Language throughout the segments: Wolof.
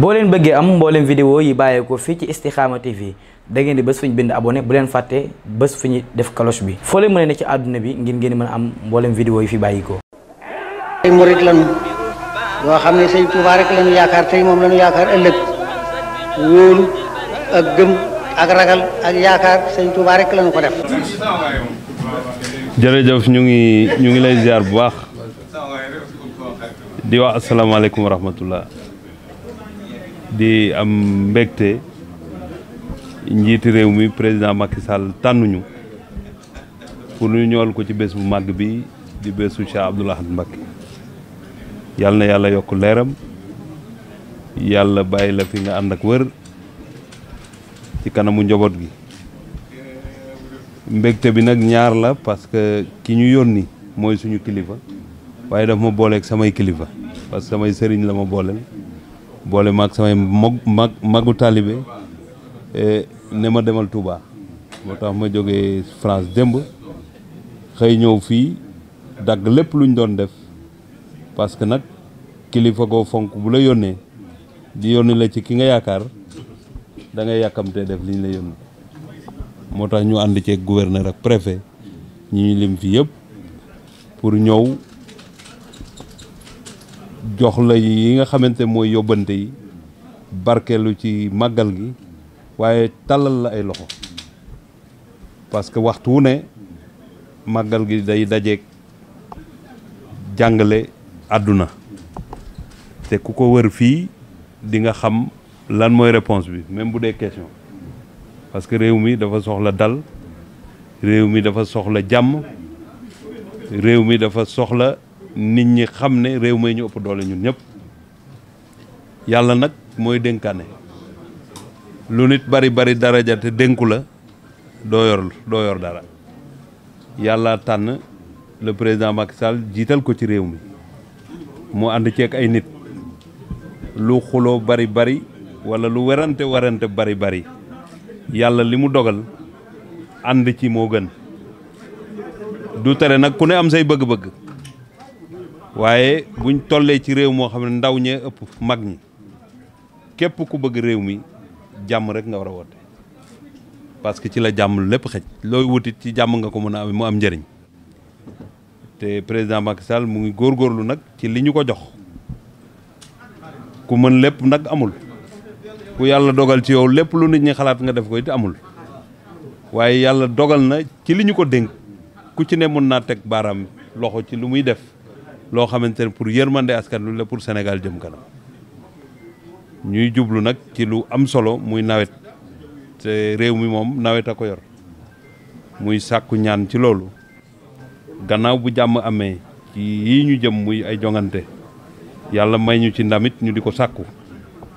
boo leen bëggee am mbooleem vidéo yi bàyyeekoo fii ci Istikhama TV da ngeen di bés fu ñu bind abonné bu leen fàtte bës fu ñu def cloche bi foo leen mën ne ci àdduna bi ngir ngeen mën a am mbooleem vidéo yi fi bàyyikoo ay murit lañu yoo xam ne sëñ Tuubaa rek yaakaar tey moom lañu yaakaar ëllëg wóolu ak gëm ak ragal ak yaakaar sëñ Tuubaa rek lañu ko def jërëjëf ñu ngi ñu ngi lay ziar bu baax di wax asalaamaaleykum wa rahmatullah di am mbégte njiiti réew mi président Macky Sall tànnuñu pour ñu ñool ko ci bés bu màgg bi di bésu Cheikh Abdoul Ahad Mbacké yàlla na yàlla yokk leeram yàlla bàyyi la fi nga ànd ak wër ci kanamu njaboot gi mbégte bi nag ñaar la parce que ki ñu yónni mooy suñu kilifa waaye daf ma booleek samay kilifa parce que samay sëriñ la ma booleel boole maag samay mag mag magu taalibe e, ne ma demal Touba moo tax ma jógee France démb xëy ñëw fii dagg lépp luñ doon def parce que nag kilifa goo fonk bu la yónnee di yónni la ci ki nga yaakaar da ngay yàkkamtee def liñ la yónni moo tax ñu ànd ceeg gouverneur ak préfet ñi ñu lim fi yëpp pour ñëw jox la yi nga xamante mooy yóbbante yi barkeelu ci màggal gi waaye tàllal la ay loxo parce que waxtu ne màggal gi day dajeek jàngale àdduna te ku ko wër fii di nga xam lan mooy réponse bi même bu dee question parce que réew mi dafa soxla dal réew mi dafa soxla jàmm réew mi dafa soxla nit ñi xam ne réew may ñu ëpp doole ñun ñëpp yàlla nag mooy dénkaane lu nit bari bari daraja te dénku la doo yor doo yor dara yàlla tànn le président Macky Sall jiital ko ci réew mi mu ànd ceeg ay nit lu xuloo bari bari wala lu werante werante bari bari yàlla li mu dogal ànd ci moo gën du tere nag ku ne am say bëgg-bëgg waaye buñ tollee ci réew moo xam ne ndaw ñee ëpp mag ñi képp ku bëgg réew mi jàmm rek nga war a woote parce que ci la jàmm lépp xëj looy wutit ci jàmm nga ko mën a am mu am njariñ te président Macky Sall mu ngi góor góorlu nag ci li ñu ko jox ku mën lépp nag amul ku yàlla dogal ci yow lépp lu nit ñi xalaat nga def ko it amul waaye yàlla dogal na ci li ñu ko dénk ku ci ne mën naa teg baaraam loxo ci lu muy def loo xamante ne pour yërmande askan wi la pour Sénégal jëm kanam ñuy jublu nag ci lu am solo muy nawet te réew mi moom nawet a ko yor muy sàkku ñaan ci loolu gannaaw bu jàmm amee ci yii ñu jëm muy ay jongante yàlla may ñu ci ndamit ñu di ko sàkku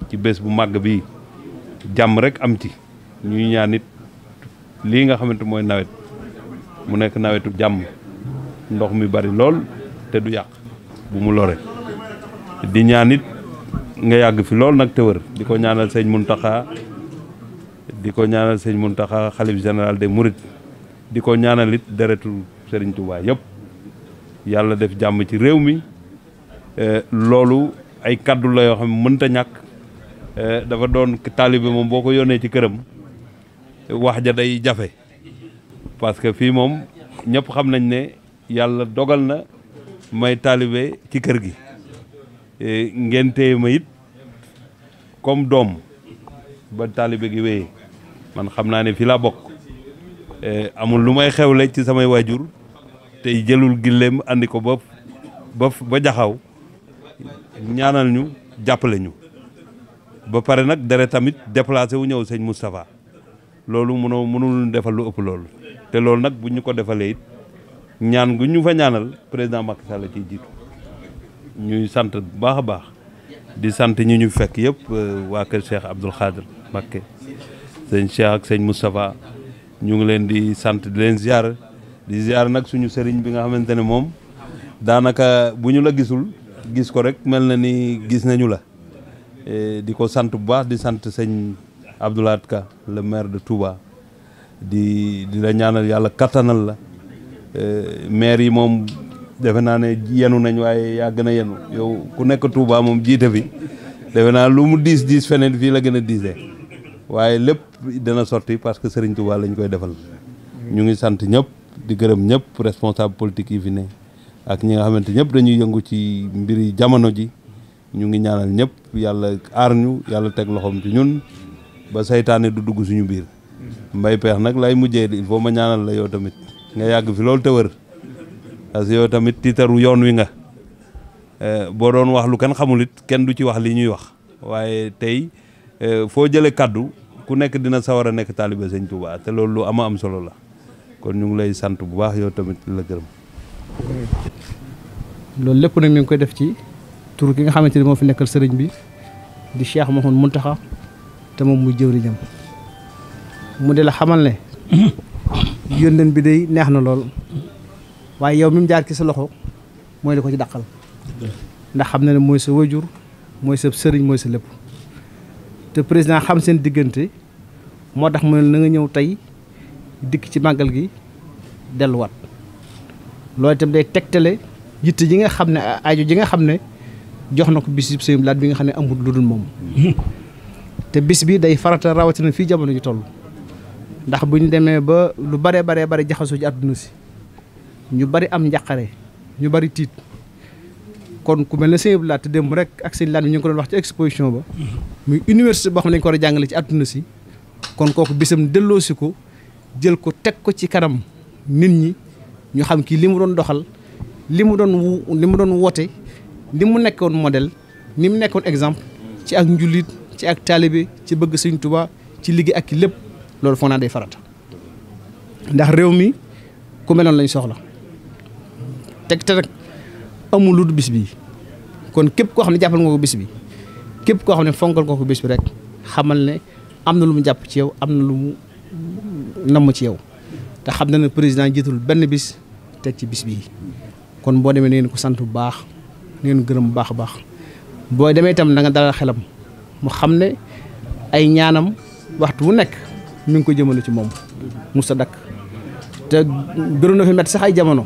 ci bés bu màgg bi jàmm rek am ci ñuy ñaan lii nga xamante mooy nawet mu nekk nawetu jàmm ndox mi bari lool te du yàq bu mu lore di ñaanit nga yàgg fi lool nag te di ko ñaanal sëñ Muntaxa di ko ñaanal sëñ taxa xalif général de Mourides di ko ñaanalit it deretu Serigne Touba yëpp yàlla def jàmm ci réew mi eh, loolu ay kaddu la yoo xam ne mënta ñàkk eh, dafa doon taalibe moom boo ko yónnee ci këram wax ja day jafe parce que fii moom ñëpp xam nañ ne yàlla dogal na may taalibe ci kër gi e, ngeen téye ma it comme doom ba taalibe gi wéyee man xam naa ne fii laa bokk e, amul lu may xew xewle ci samay waajur te jëlul gilleem andi ko ba ba ba jaxaw ñaanal ñu jàppale ñu ba pare nag dere tamit déplacé wu ñëw sëñ Moustapha loolu mënoo mënul defal lu ëpp loolu te loolu nag bu ñu ko defalee it ñaan gu ñu fa ñaanal président Macky Sall ciy jiitu ñuy sant bu baax a baax di sant ñu ñu fekk yëpp euh, waa kër Cheikh Abdoul Khadir Mbacké sëñ Cheikh ak sëñ Moustapha ñu ngi leen di sant di leen ziar di ziar nag suñu sëriñ bi nga xamante ne moom daanaka bu ñu la gisul gis ko rek mel na ni gis nañu la e, di ko sant bu baax di sant sëñ Abdoulaye Ka le maire de Touba di di la ñaanal yàlla kattanal la. Euh, maire yi moom defe naa ne yenu nañ waaye yaa gën a yenu yow ku nekk Touba moom jiite fi defe naa lu mu diis diis feneen fii la gën a diisee waaye lépp dana sotti parce que Serigne Touba lañu koy defal ñu ngi sant ñëpp di gërëm ñëpp responsable politique yi fi ne ak ñi nga xamante ñëpp dañuy yëngu ci mbiri jamono ji ñu ngi ñaanal ñëpp yàlla aar ñu yàlla teg loxoom ci ñun ba saytaane du dugg suñu biir mbay peex nag lay mujjee di faut ma ñaanal la yow tamit nga yàgg fi loolu te wër parce tamit tiitaru yoon wi nga eh, boo doon wax lu kenn xamul it kenn du ci wax li ñuy wax waaye tey eh, foo jëlee kàddu ku nekk dina sawar a nekk taalibe sëñ Touba te loolu lu ama am solo la kon ñu ngi lay sant bu baax yow tamit la gërëm. loolu lépp nag mi ngi koy def ci tur ki nga xamante ni moo fi nekkal sëriñ bi di Cheikh Mouhamadou Mountakha te moom muy jëwriñam mu de la xamal ne. yónneen bi day neex na lool waaye yow mi mu jaar ci sa loxo mooy li ko ci dàqal ndax xam na ne mooy sa wajur mooy sa sëriñ mooy sa lépp te président xam seen diggante moo tax mu ne na nga ñëw tey dikk ci màggal gi delluwaat loolu itam day tegtale yitte ji nga xam ne aajo ji nga xam ne jox na ko bis yi laat bi nga xam ne amul lu dul moom hmm. te bis bi day farata rawatina fii jamono ji toll ndax bu ñu demee ba lu bare bare bari jaxasoo ci àdduna si ñu bari am njaqare ñu bari tiit kon ku mel ne sëñ Abdoulaye te démb rek ak sëñ Laan bi ñu ngi ko doon wax ci exposition ba mm-hmm. muy université boo xam ne ko war a jàngale ci àdduna si kon kooku bisam delloosi ko jël ko teg ko ci kanam nit ñi ñu xam kii li mu doon doxal li mu doon li mu doon woote ni mu nekkoon model ni mu nekkoon exemple ci ak njulit ci ak taalibe ci bëgg sëñ Tuubaa ci liggéey ak ki lépp loolu foog naa day farata ndax réew mi ku meloon lañ soxla teg te rek amul lu bis bi kon képp koo xam ne jàppal nga ko bis bi képp koo xam ne fonkal nga ko bis bi rek xamal ne am na lu mu jàpp ci yow am na lu mu namm ci yow te xam na ne président jiitul benn bis teg ci bis bii kon boo demee neen ko sant bu baax ngeen gërëm bu baax a baax boo demee itam da dalal xelam mu xam ne ay ñaanam waxtu wu nekk mi ngi ko jëmale ci moom mu sa dakk te gënoon na fi métti sax ay jamono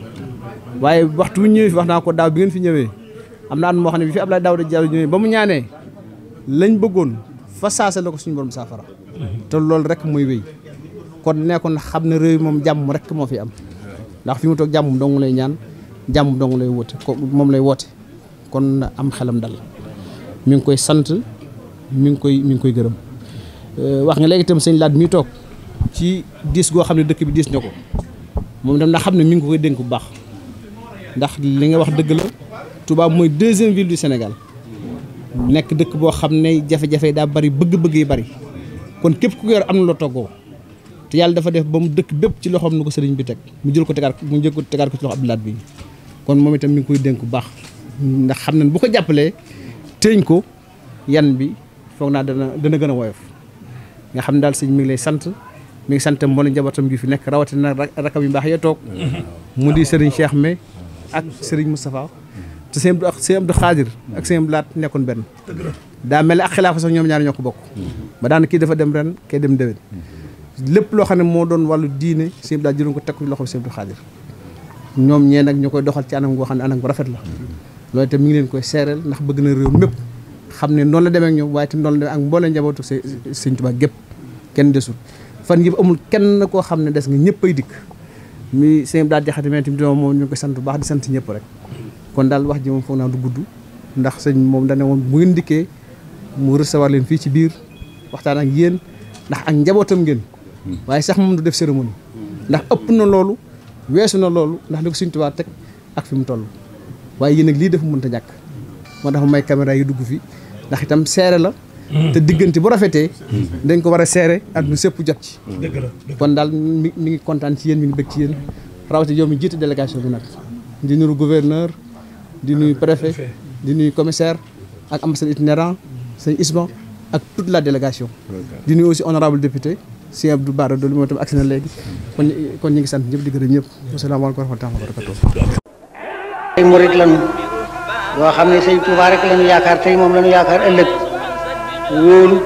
waaye waxtu wu ñëwee fi wax naa ko daaw bi ngeen fi ñëwee am na at moo xam ne bi fi Abdoulaye Daouda Diallo ñëwee ba mu ñaanee lañ bëggoon fa saase la ko suñu borom saafara te loolu rek muy wéy kon nekkoon xam ne réew moom jàmm rek moo fi am ndax fi mu toog jàmm dong lay ñaan jàmm dong lay woote ko moom lay woote kon am xelam dal mi ngi koy sant mi ngi koy mi ngi koy gërëm Euh, wax nga léegi itam sëñ laat mi toog ci diis goo xam ne dëkk bi diis na ko moom dem na xam ne mi ngi ko koy dénk bu baax ndax li nga wax dëgg la Touba mooy deuxième ville du Sénégal nekk dëkk boo xam ne jafe daa bari bëgg-bëgg yi bari kon képp ku yor am loo toggoo te yàlla dafa def ba mu dëkk bépp ci loxoom nu ko sëriñ bi teg mu jël ko tegaat mu jël ko ko ci loxo Abdou bi kon itam mi ngi koy dénk bu baax ndax xam nañ bu ko jàppalee teeñ ko yan bi foog naa dana dana gën a woyof nga xam ne daal sëñ mi ngi lay sant mi ngi sant mboolem njabootam bi fi nekk rawatina rakam yu baax ya toog mu di sëriñ Cheikh May ak sëriñ Moustapha te sëñ ak sëñ Abdou Khadir ak sëñ Abdou Laat nekkoon benn daa mel ne ak xilaafa sax ñoom ñaar ñoo ko bokk ba daan kii dafa ren kay dem déwén lépp loo xam ne moo doon wàllu diine sëñ Abdou Laat ko tekku loxo sëñ Abdou Khadir ñoom ñee nag ñu koy doxal ci anam goo xam ne anam gu rafet la loolu itam mi ngi leen koy seereel ndax bëgg na réew mépp xam ne noonu la demee ak ñoom waaye itam noonu la demee ak mbooleem njabootu sëñ Tuubaa gépp kenn desul fan yëpp amul kenn koo xam ne des nga ñëpp ay dikk mi sëñ daal jaxate men tamit moom ñu ngi sant bu baax di sant ñëpp rek kon daal wax ji moom foog naa du gudd ndax sëñ moom dane moom bu ngeen dikkee mu recevoir fii ci biir waxtaan ak yéen ndax ak njabootam ngeen waaye sax moom du def cérémonie ndax ëpp na loolu weesu na loolu ndax li ko Sëñ teg ak fi mu toll waaye yéen nag lii dafa mënta ñàkk moo tax may caméra yi dugg fi ndax itam seere la Mm. te diggante bu rafetee mm. dañ ko war a seere àdduna sëpp jot ci mm. kon daal mi ngi kontaan ci yéen mi ngi bëgg ci yéen rawati yow mi jiite délégation bi nag di nuyu gouverneur di nuyu préfet di nuyu commissaire ak ambassade itinérant sëñ Isma ak toute la délégation di nuyu aussi honorable député sëñ Abdou Bara Dolly moom itam agsi na léegi kon kon ñu ngi sant ñëpp di gërëm ñëpp asalaamaaleykum wa rahmatulah wa barakatuh ay murit lañu yoo xam ne sëñ Tuubaa yaakaar ëllëg wóolu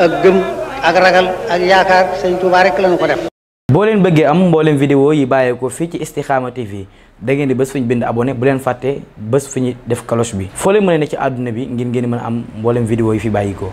ak gëm ak ragal ak yaakaar sëñ Tuubaa rek lañu ko def. boo leen bëggee am mboolem video yi bàyyeekoo fii ci Istikhama TV da ngeen di bës fu ñu bind abonné bu leen fàtte bés fu ñu def cloche bi foo leen mën ne ci àdduna bi ngir ngeen mën am mboolem vidéo yi fi bàyyikoo